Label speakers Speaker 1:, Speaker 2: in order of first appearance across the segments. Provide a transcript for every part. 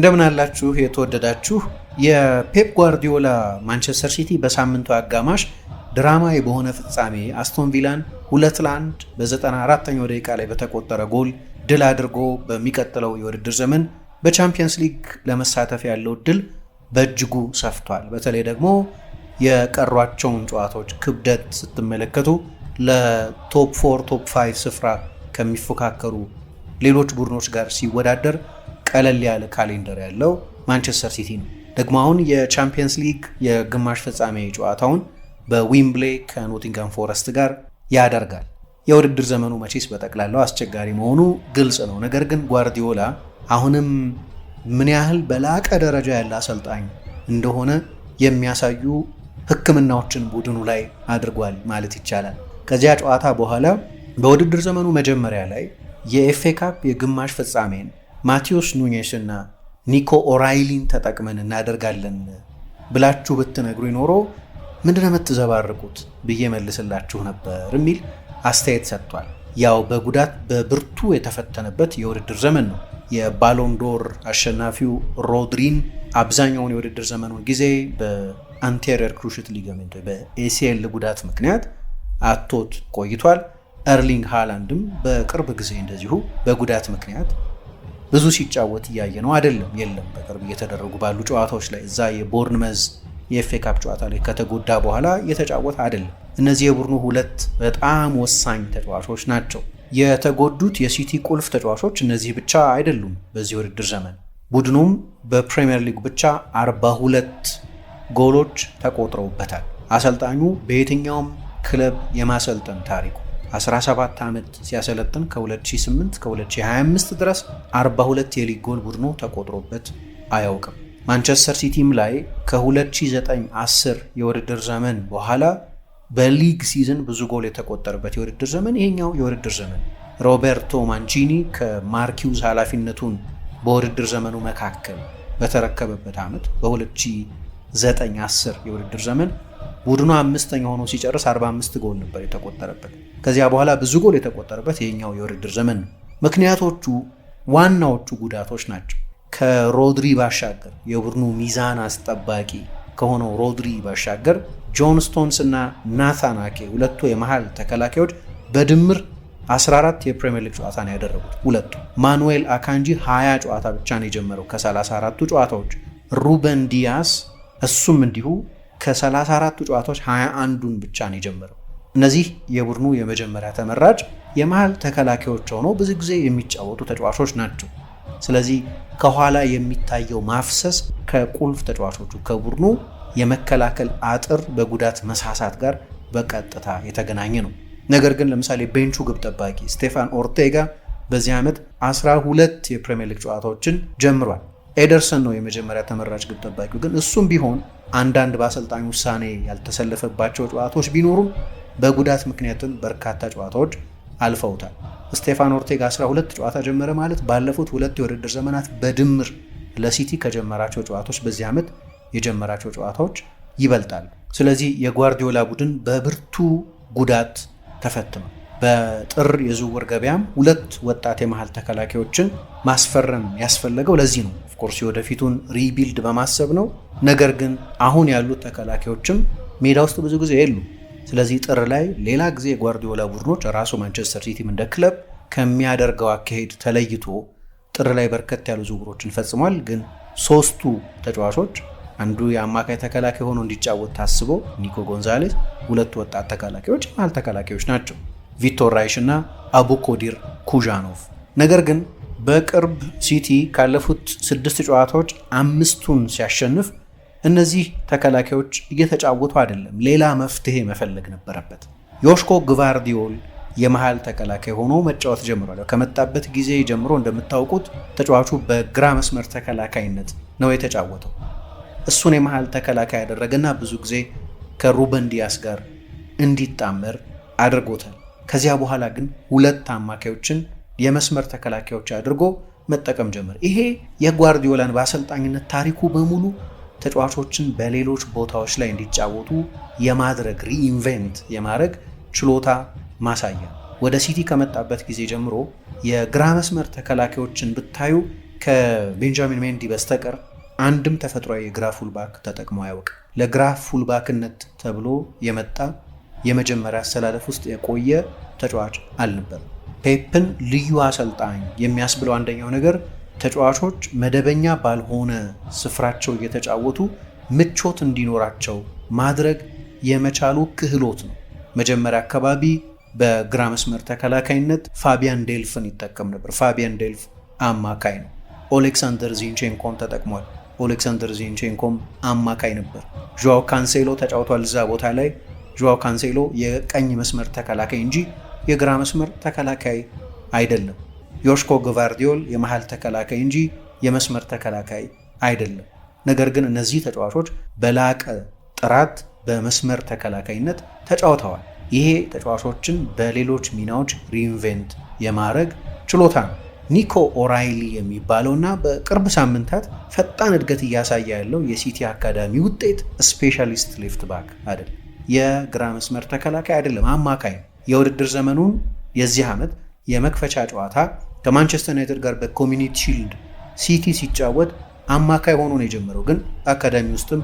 Speaker 1: እንደምን አላችሁ የተወደዳችሁ የፔፕ ጓርዲዮላ ማንቸስተር ሲቲ በሳምንቱ አጋማሽ ድራማዊ በሆነ ፍጻሜ አስቶን ቪላን ሁለት ለአንድ በ 94 ደቂቃ ላይ በተቆጠረ ጎል ድል አድርጎ በሚቀጥለው የውድድር ዘመን በቻምፒየንስ ሊግ ለመሳተፍ ያለው እድል በእጅጉ ሰፍቷል። በተለይ ደግሞ የቀሯቸውን ጨዋታዎች ክብደት ስትመለከቱ ለቶፕ ፎር ቶፕ ፋይቭ ስፍራ ከሚፎካከሩ ሌሎች ቡድኖች ጋር ሲወዳደር ቀለል ያለ ካሌንደር ያለው ማንቸስተር ሲቲ ነው። ደግሞ አሁን የቻምፒየንስ ሊግ የግማሽ ፍጻሜ ጨዋታውን በዊምብሌ ከኖቲንጋም ፎረስት ጋር ያደርጋል። የውድድር ዘመኑ መቼስ በጠቅላላው አስቸጋሪ መሆኑ ግልጽ ነው። ነገር ግን ጓርዲዮላ አሁንም ምን ያህል በላቀ ደረጃ ያለ አሰልጣኝ እንደሆነ የሚያሳዩ ሕክምናዎችን ቡድኑ ላይ አድርጓል ማለት ይቻላል። ከዚያ ጨዋታ በኋላ በውድድር ዘመኑ መጀመሪያ ላይ የኤፍኤ ካፕ የግማሽ ፍጻሜን ማቴዎስ እና ኒኮ ኦራይሊን ተጠቅመን እናደርጋለን ብላችሁ ብትነግሩ ኖሮ ምንድን ነው የምትዘባርቁት ብዬ መልስላችሁ ነበር የሚል አስተያየት ሰጥቷል። ያው በጉዳት በብርቱ የተፈተነበት የውድድር ዘመን ነው። የባሎንዶር አሸናፊው ሮድሪን አብዛኛውን የውድድር ዘመኑን ጊዜ በአንቴሪየር ክሩሽት ሊገመንት በኤሲኤል ጉዳት ምክንያት አቶት ቆይቷል። ኤርሊንግ ሃላንድም በቅርብ ጊዜ እንደዚሁ በጉዳት ምክንያት ብዙ ሲጫወት እያየ ነው አይደለም። የለም በቅርብ እየተደረጉ ባሉ ጨዋታዎች ላይ እዛ የቦርንመዝ የኤፍ ካፕ ጨዋታ ላይ ከተጎዳ በኋላ እየተጫወተ አይደለም። እነዚህ የቡድኑ ሁለት በጣም ወሳኝ ተጫዋቾች ናቸው። የተጎዱት የሲቲ ቁልፍ ተጫዋቾች እነዚህ ብቻ አይደሉም። በዚህ ውድድር ዘመን ቡድኑም በፕሪምየር ሊግ ብቻ 42 ጎሎች ተቆጥረውበታል። አሰልጣኙ በየትኛውም ክለብ የማሰልጠን ታሪኩ 17 ዓመት ሲያሰለጥን ከ2008 ከ2025 ድረስ 42 የሊግ ጎል ቡድኑ ተቆጥሮበት አያውቅም። ማንቸስተር ሲቲም ላይ ከ2009/10 የውድድር ዘመን በኋላ በሊግ ሲዝን ብዙ ጎል የተቆጠረበት የውድድር ዘመን ይሄኛው የውድድር ዘመን ሮቤርቶ ማንቺኒ ከማርኪውዝ ኃላፊነቱን በውድድር ዘመኑ መካከል በተረከበበት ዓመት በ2009/10 የውድድር ዘመን ቡድኑ አምስተኛ ሆኖ ሲጨርስ 45 ጎል ነበር የተቆጠረበት። ከዚያ በኋላ ብዙ ጎል የተቆጠረበት ይህኛው የውድድር ዘመን ነው። ምክንያቶቹ ዋናዎቹ ጉዳቶች ናቸው። ከሮድሪ ባሻገር የቡድኑ ሚዛን አስጠባቂ ከሆነው ሮድሪ ባሻገር ጆን ስቶንስ እና ናታን አኬ ሁለቱ የመሃል ተከላካዮች በድምር 14 የፕሪሚየር ሊግ ጨዋታ ነው ያደረጉት። ሁለቱ ማኑኤል አካንጂ 20 ጨዋታ ብቻ ነው የጀመረው ከ34ቱ ጨዋታዎች። ሩበን ዲያስ እሱም እንዲሁ ከ34ቱ ጨዋታዎች 21ዱን ብቻ ነው የጀመረው። እነዚህ የቡድኑ የመጀመሪያ ተመራጭ የመሃል ተከላካዮች ሆነው ብዙ ጊዜ የሚጫወቱ ተጫዋቾች ናቸው። ስለዚህ ከኋላ የሚታየው ማፍሰስ ከቁልፍ ተጫዋቾቹ ከቡድኑ የመከላከል አጥር በጉዳት መሳሳት ጋር በቀጥታ የተገናኘ ነው። ነገር ግን ለምሳሌ ቤንቹ ግብ ጠባቂ ስቴፋን ኦርቴጋ በዚህ ዓመት 12 የፕሪምየር ሊግ ጨዋታዎችን ጀምሯል። ኤደርሰን ነው የመጀመሪያ ተመራጭ ግብ ጠባቂው። ግን እሱም ቢሆን አንዳንድ በአሰልጣኝ ውሳኔ ያልተሰለፈባቸው ጨዋታዎች ቢኖሩም በጉዳት ምክንያትም በርካታ ጨዋታዎች አልፈውታል። ስቴፋን ኦርቴጋ 12 ጨዋታ ጀመረ ማለት ባለፉት ሁለት የውድድር ዘመናት በድምር ለሲቲ ከጀመራቸው ጨዋታዎች በዚህ ዓመት የጀመራቸው ጨዋታዎች ይበልጣል። ስለዚህ የጓርዲዮላ ቡድን በብርቱ ጉዳት ተፈትመ። በጥር የዝውውር ገበያም ሁለት ወጣት የመሀል ተከላካዮችን ማስፈረም ያስፈለገው ለዚህ ነው። ኦፍኮርስ የወደፊቱን ሪቢልድ በማሰብ ነው። ነገር ግን አሁን ያሉት ተከላካዮችም ሜዳ ውስጥ ብዙ ጊዜ የሉ። ስለዚህ ጥር ላይ ሌላ ጊዜ የጓርዲዮላ ቡድኖች ራሱ ማንቸስተር ሲቲም እንደ ክለብ ከሚያደርገው አካሄድ ተለይቶ ጥር ላይ በርከት ያሉ ዝውውሮችን ፈጽሟል። ግን ሶስቱ ተጫዋቾች አንዱ የአማካይ ተከላካይ ሆኖ እንዲጫወት ታስቦ ኒኮ ጎንዛሌስ፣ ሁለቱ ወጣት ተከላካዮች መሀል ተከላካዮች ናቸው፣ ቪቶር ራይሽ እና አቡኮዲር ኩዣኖቭ ነገር ግን በቅርብ ሲቲ ካለፉት ስድስት ጨዋታዎች አምስቱን ሲያሸንፍ እነዚህ ተከላካዮች እየተጫወቱ አይደለም፣ ሌላ መፍትሄ መፈለግ ነበረበት። ዮሽኮ ግቫርዲዮል የመሃል ተከላካይ ሆኖ መጫወት ጀምሯል። ከመጣበት ጊዜ ጀምሮ እንደምታውቁት ተጫዋቹ በግራ መስመር ተከላካይነት ነው የተጫወተው። እሱን የመሃል ተከላካይ ያደረገና ብዙ ጊዜ ከሩበን ዲያስ ጋር እንዲጣመር አድርጎታል። ከዚያ በኋላ ግን ሁለት አማካዮችን የመስመር ተከላካዮች አድርጎ መጠቀም ጀመር። ይሄ የጓርዲዮላን በአሰልጣኝነት ታሪኩ በሙሉ ተጫዋቾችን በሌሎች ቦታዎች ላይ እንዲጫወቱ የማድረግ ሪኢንቨንት የማድረግ ችሎታ ማሳያ። ወደ ሲቲ ከመጣበት ጊዜ ጀምሮ የግራ መስመር ተከላካዮችን ብታዩ ከቤንጃሚን ሜንዲ በስተቀር አንድም ተፈጥሯዊ የግራ ፉልባክ ተጠቅሞ አያውቅ። ለግራ ፉልባክነት ተብሎ የመጣ የመጀመሪያ አሰላለፍ ውስጥ የቆየ ተጫዋች አልነበርም። ፔፕን ልዩ አሰልጣኝ የሚያስብለው አንደኛው ነገር ተጫዋቾች መደበኛ ባልሆነ ስፍራቸው እየተጫወቱ ምቾት እንዲኖራቸው ማድረግ የመቻሉ ክህሎት ነው። መጀመሪያ አካባቢ በግራ መስመር ተከላካይነት ፋቢያን ዴልፍን ይጠቀም ነበር። ፋቢያን ዴልፍ አማካይ ነው። ኦሌክሳንደር ዚንቼንኮን ተጠቅሟል። ኦሌክሳንደር ዚንቼንኮም አማካይ ነበር። ዣዋ ካንሴሎ ተጫውቷል እዛ ቦታ ላይ። ዣዋ ካንሴሎ የቀኝ መስመር ተከላካይ እንጂ የግራ መስመር ተከላካይ አይደለም። ዮሽኮ ግቫርዲዮል የመሃል ተከላካይ እንጂ የመስመር ተከላካይ አይደለም። ነገር ግን እነዚህ ተጫዋቾች በላቀ ጥራት በመስመር ተከላካይነት ተጫውተዋል። ይሄ ተጫዋቾችን በሌሎች ሚናዎች ሪኢንቬንት የማድረግ ችሎታ ነው። ኒኮ ኦራይሊ የሚባለው እና በቅርብ ሳምንታት ፈጣን እድገት እያሳየ ያለው የሲቲ አካዳሚ ውጤት ስፔሻሊስት ሌፍት ባክ አይደለም፣ የግራ መስመር ተከላካይ አይደለም፣ አማካይ ነው። የውድድር ዘመኑን የዚህ ዓመት የመክፈቻ ጨዋታ ከማንቸስተር ዩናይትድ ጋር በኮሚኒቲ ሺልድ ሲቲ ሲጫወት አማካይ ሆኖ ነው የጀመረው። ግን አካዳሚ ውስጥም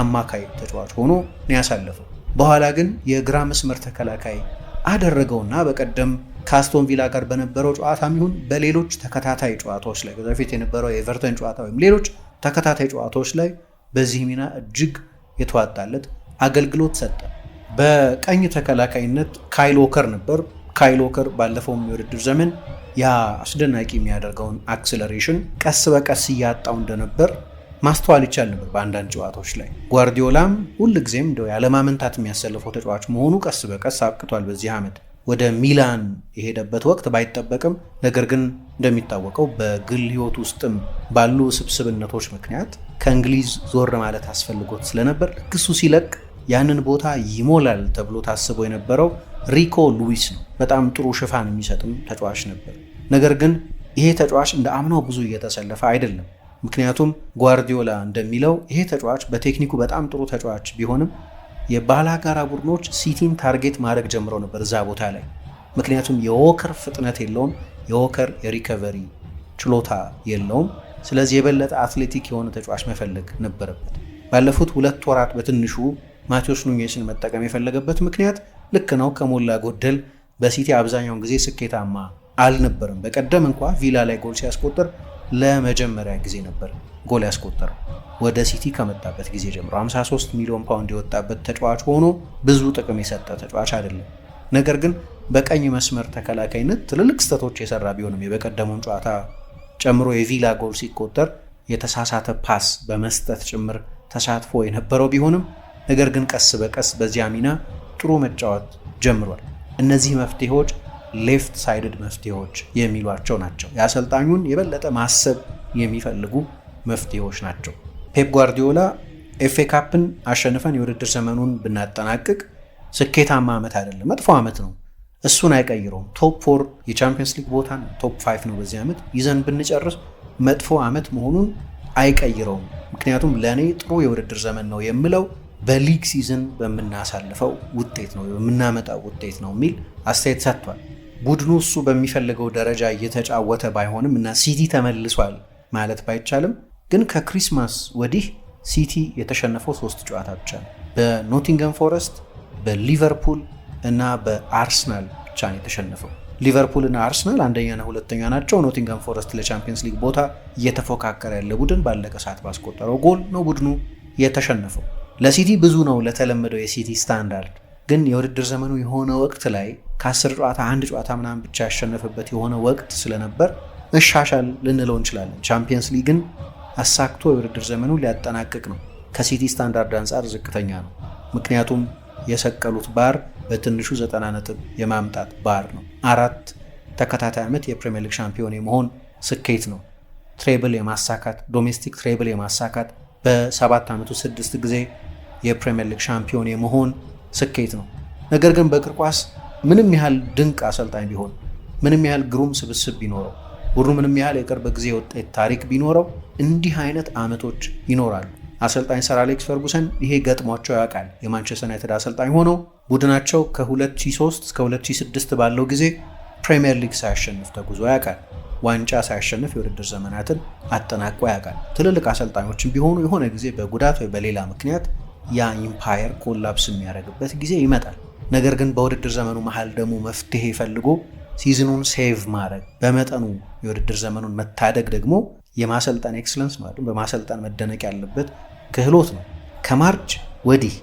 Speaker 1: አማካይ ተጫዋች ሆኖ ነው ያሳለፈው። በኋላ ግን የግራ መስመር ተከላካይ አደረገውና በቀደም ከአስቶን ቪላ ጋር በነበረው ጨዋታ ይሁን በሌሎች ተከታታይ ጨዋታዎች ላይ ከዚያ በፊት የነበረው የኤቨርተን ጨዋታ ወይም ሌሎች ተከታታይ ጨዋታዎች ላይ በዚህ ሚና እጅግ የተዋጣለት አገልግሎት ሰጠ። በቀኝ ተከላካይነት ካይሎከር ነበር። ካይሎከር ባለፈው የሚወድድር ዘመን ያ አስደናቂ የሚያደርገውን አክስለሬሽን ቀስ በቀስ እያጣው እንደነበር ማስተዋል ይቻል ነበር በአንዳንድ ጨዋታዎች ላይ። ጓርዲዮላም ጊዜም እንደው ያለማመንታት የሚያሰልፈው ተጫዋች መሆኑ ቀስ በቀስ አብቅቷል። በዚህ ዓመት ወደ ሚላን የሄደበት ወቅት ባይጠበቅም፣ ነገር ግን እንደሚታወቀው በግል ሕይወት ውስጥም ባሉ ስብስብነቶች ምክንያት ከእንግሊዝ ዞር ማለት አስፈልጎት ስለነበር ልክ እሱ ሲለቅ ያንን ቦታ ይሞላል ተብሎ ታስቦ የነበረው ሪኮ ሉዊስ ነው። በጣም ጥሩ ሽፋን የሚሰጥም ተጫዋች ነበር። ነገር ግን ይሄ ተጫዋች እንደ አምናው ብዙ እየተሰለፈ አይደለም። ምክንያቱም ጓርዲዮላ እንደሚለው ይሄ ተጫዋች በቴክኒኩ በጣም ጥሩ ተጫዋች ቢሆንም የባላጋራ ቡድኖች ሲቲን ታርጌት ማድረግ ጀምሮ ነበር እዛ ቦታ ላይ። ምክንያቱም የወከር ፍጥነት የለውም፣ የወከር የሪከቨሪ ችሎታ የለውም። ስለዚህ የበለጠ አትሌቲክ የሆነ ተጫዋች መፈለግ ነበረበት። ባለፉት ሁለት ወራት በትንሹ ማቴዎስ ኑኜስን መጠቀም የፈለገበት ምክንያት ልክ ነው፣ ከሞላ ጎደል በሲቲ አብዛኛውን ጊዜ ስኬታማ አልነበርም። በቀደም እንኳ ቪላ ላይ ጎል ሲያስቆጥር ለመጀመሪያ ጊዜ ነበር ጎል ያስቆጠረው ወደ ሲቲ ከመጣበት ጊዜ ጀምሮ 53 ሚሊዮን ፓውንድ የወጣበት ተጫዋች ሆኖ ብዙ ጥቅም የሰጠ ተጫዋች አይደለም። ነገር ግን በቀኝ መስመር ተከላካይነት ትልልቅ ስህተቶች የሰራ ቢሆንም የበቀደሙን ጨዋታ ጨምሮ የቪላ ጎል ሲቆጠር የተሳሳተ ፓስ በመስጠት ጭምር ተሳትፎ የነበረው ቢሆንም ነገር ግን ቀስ በቀስ በዚያ ሚና ጥሩ መጫወት ጀምሯል። እነዚህ መፍትሄዎች ሌፍት ሳይድድ መፍትሄዎች የሚሏቸው ናቸው። የአሰልጣኙን የበለጠ ማሰብ የሚፈልጉ መፍትሄዎች ናቸው። ፔፕ ጓርዲዮላ ኤፍ ኤ ካፕን አሸንፈን የውድድር ዘመኑን ብናጠናቅቅ ስኬታማ ዓመት አይደለም፣ መጥፎ ዓመት ነው። እሱን አይቀይረውም። ቶፕ ፎር የቻምፒየንስ ሊግ ቦታን ቶፕ ፋይቭ ነው በዚህ ዓመት ይዘን ብንጨርስ መጥፎ ዓመት መሆኑን አይቀይረውም። ምክንያቱም ለእኔ ጥሩ የውድድር ዘመን ነው የምለው በሊግ ሲዝን በምናሳልፈው ውጤት ነው በምናመጣው ውጤት ነው የሚል አስተያየት ሰጥቷል። ቡድኑ እሱ በሚፈልገው ደረጃ እየተጫወተ ባይሆንም እና ሲቲ ተመልሷል ማለት ባይቻልም ግን ከክሪስማስ ወዲህ ሲቲ የተሸነፈው ሶስት ጨዋታ ብቻ ነው። በኖቲንገም ፎረስት፣ በሊቨርፑል እና በአርሰናል ብቻ ነው የተሸነፈው። ሊቨርፑል አርሰናል አንደኛና ሁለተኛ ናቸው። ኖቲንገም ፎረስት ለቻምፒየንስ ሊግ ቦታ እየተፎካከረ ያለ ቡድን ባለቀ ሰዓት ባስቆጠረው ጎል ነው ቡድኑ የተሸነፈው። ለሲቲ ብዙ ነው ለተለመደው የሲቲ ስታንዳርድ። ግን የውድድር ዘመኑ የሆነ ወቅት ላይ ከአስር ጨዋታ አንድ ጨዋታ ምናምን ብቻ ያሸነፈበት የሆነ ወቅት ስለነበር መሻሻል ልንለው እንችላለን። ቻምፒየንስ ሊግን አሳክቶ የውድድር ዘመኑ ሊያጠናቅቅ ነው። ከሲቲ ስታንዳርድ አንጻር ዝቅተኛ ነው። ምክንያቱም የሰቀሉት ባር በትንሹ ዘጠና ነጥብ የማምጣት ባር ነው። አራት ተከታታይ ዓመት የፕሪምየር ሊግ ሻምፒዮን የመሆን ስኬት ነው። ትሬብል የማሳካት ዶሜስቲክ ትሬብል የማሳካት በሰባት ዓመቱ ስድስት ጊዜ የፕሪምየር ሊግ ሻምፒዮን የመሆን ስኬት ነው። ነገር ግን በእግር ኳስ ምንም ያህል ድንቅ አሰልጣኝ ቢሆን፣ ምንም ያህል ግሩም ስብስብ ቢኖረው፣ ቡድኑ ምንም ያህል የቅርብ ጊዜ ውጤት ታሪክ ቢኖረው፣ እንዲህ አይነት አመቶች ይኖራሉ። አሰልጣኝ ሰር አሌክስ ፈርጉሰን ይሄ ገጥሟቸው ያውቃል። የማንቸስተር ዩናይትድ አሰልጣኝ ሆነው ቡድናቸው ከ2003 እስከ 2006 ባለው ጊዜ ፕሪምየር ሊግ ሳያሸንፍ ተጉዞ ያውቃል። ዋንጫ ሳያሸንፍ የውድድር ዘመናትን አጠናቆ ያውቃል። ትልልቅ አሰልጣኞችን ቢሆኑ የሆነ ጊዜ በጉዳት ወይ በሌላ ምክንያት ያ ኢምፓየር ኮላፕስ የሚያደርግበት ጊዜ ይመጣል። ነገር ግን በውድድር ዘመኑ መሀል ደግሞ መፍትሄ ፈልጎ ሲዝኑን ሴቭ ማድረግ በመጠኑ የውድድር ዘመኑን መታደግ ደግሞ የማሰልጣን ኤክስለንስ ማለት በማሰልጣን መደነቅ ያለበት ክህሎት ነው። ከማርች ወዲህ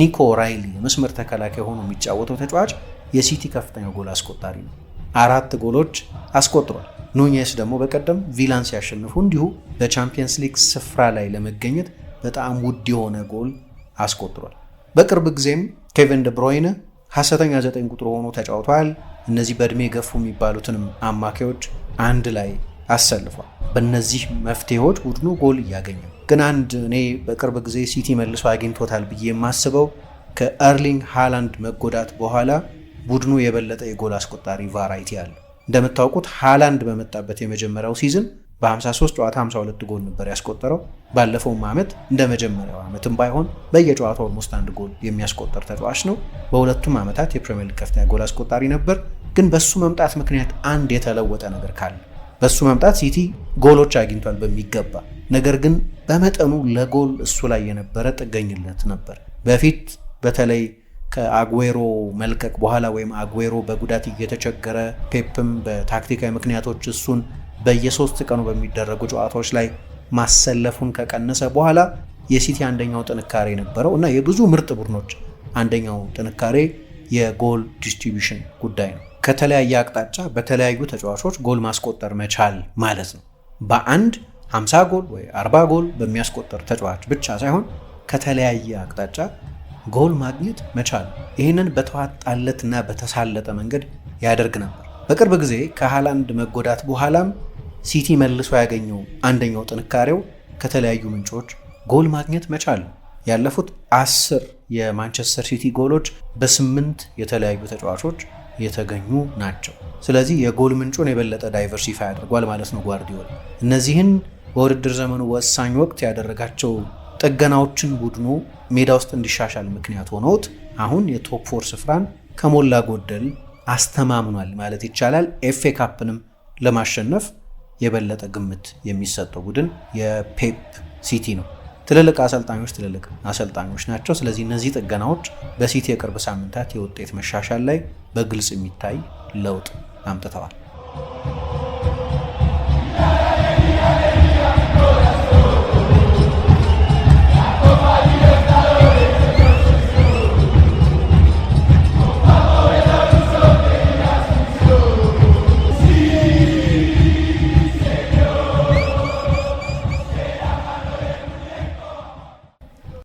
Speaker 1: ኒኮ ራይሊ የመስመር ተከላካይ ሆኖ የሚጫወተው ተጫዋች የሲቲ ከፍተኛ ጎል አስቆጣሪ ነው። አራት ጎሎች አስቆጥሯል። ኑኜስ ደግሞ በቀደም ቪላን ሲያሸንፉ እንዲሁ በቻምፒየንስ ሊግ ስፍራ ላይ ለመገኘት በጣም ውድ የሆነ ጎል አስቆጥሯል። በቅርብ ጊዜም ኬቨን ደብሮይን ሐሰተኛ ዘጠኝ ቁጥር ሆኖ ተጫውተዋል። እነዚህ በእድሜ ገፉ የሚባሉትንም አማካዮች አንድ ላይ አሰልፏል። በእነዚህ መፍትሄዎች ቡድኑ ጎል እያገኘ ግን አንድ እኔ በቅርብ ጊዜ ሲቲ መልሶ አግኝቶታል ብዬ የማስበው ከኤርሊንግ ሃላንድ መጎዳት በኋላ ቡድኑ የበለጠ የጎል አስቆጣሪ ቫራይቲ አለ። እንደምታውቁት ሃላንድ በመጣበት የመጀመሪያው ሲዝን በ53 ጨዋታ 52 ጎል ነበር ያስቆጠረው። ባለፈውም ዓመት እንደ መጀመሪያው ዓመትም ባይሆን በየጨዋታው ኦልሞስት አንድ ጎል የሚያስቆጠር ተጫዋች ነው። በሁለቱም ዓመታት የፕሪሚየር ሊግ ከፍተኛ ጎል አስቆጣሪ ነበር። ግን በሱ መምጣት ምክንያት አንድ የተለወጠ ነገር ካለ በሱ መምጣት ሲቲ ጎሎች አግኝቷል በሚገባ ነገር ግን በመጠኑ ለጎል እሱ ላይ የነበረ ጥገኝነት ነበር። በፊት በተለይ ከአጉዌሮ መልቀቅ በኋላ ወይም አጉዌሮ በጉዳት እየተቸገረ ፔፕም በታክቲካዊ ምክንያቶች እሱን በየሶስት ቀኑ በሚደረጉ ጨዋታዎች ላይ ማሰለፉን ከቀነሰ በኋላ የሲቲ አንደኛው ጥንካሬ ነበረው እና የብዙ ምርጥ ቡድኖች አንደኛው ጥንካሬ የጎል ዲስትሪቢሽን ጉዳይ ነው። ከተለያየ አቅጣጫ በተለያዩ ተጫዋቾች ጎል ማስቆጠር መቻል ማለት ነው። በአንድ 50 ጎል ወይ 40 ጎል በሚያስቆጠር ተጫዋች ብቻ ሳይሆን ከተለያየ አቅጣጫ ጎል ማግኘት መቻል ይህንን በተዋጣለትና በተሳለጠ መንገድ ያደርግ ነበር። በቅርብ ጊዜ ከሃላንድ መጎዳት በኋላም ሲቲ መልሶ ያገኘው አንደኛው ጥንካሬው ከተለያዩ ምንጮች ጎል ማግኘት መቻል ያለፉት አስር የማንቸስተር ሲቲ ጎሎች በስምንት የተለያዩ ተጫዋቾች የተገኙ ናቸው። ስለዚህ የጎል ምንጩን የበለጠ ዳይቨርሲፋይ አድርጓል ማለት ነው ጓርዲዮላ። እነዚህን በውድድር ዘመኑ ወሳኝ ወቅት ያደረጋቸው ጥገናዎችን ቡድኑ ሜዳ ውስጥ እንዲሻሻል ምክንያት ሆነውት አሁን የቶፕ ፎር ስፍራን ከሞላ ጎደል አስተማምኗል ማለት ይቻላል። ኤፌ ካፕንም ለማሸነፍ የበለጠ ግምት የሚሰጠው ቡድን የፔፕ ሲቲ ነው። ትልልቅ አሰልጣኞች ትልልቅ አሰልጣኞች ናቸው። ስለዚህ እነዚህ ጥገናዎች በሲቲ የቅርብ ሳምንታት የውጤት መሻሻል ላይ በግልጽ የሚታይ ለውጥ አምጥተዋል።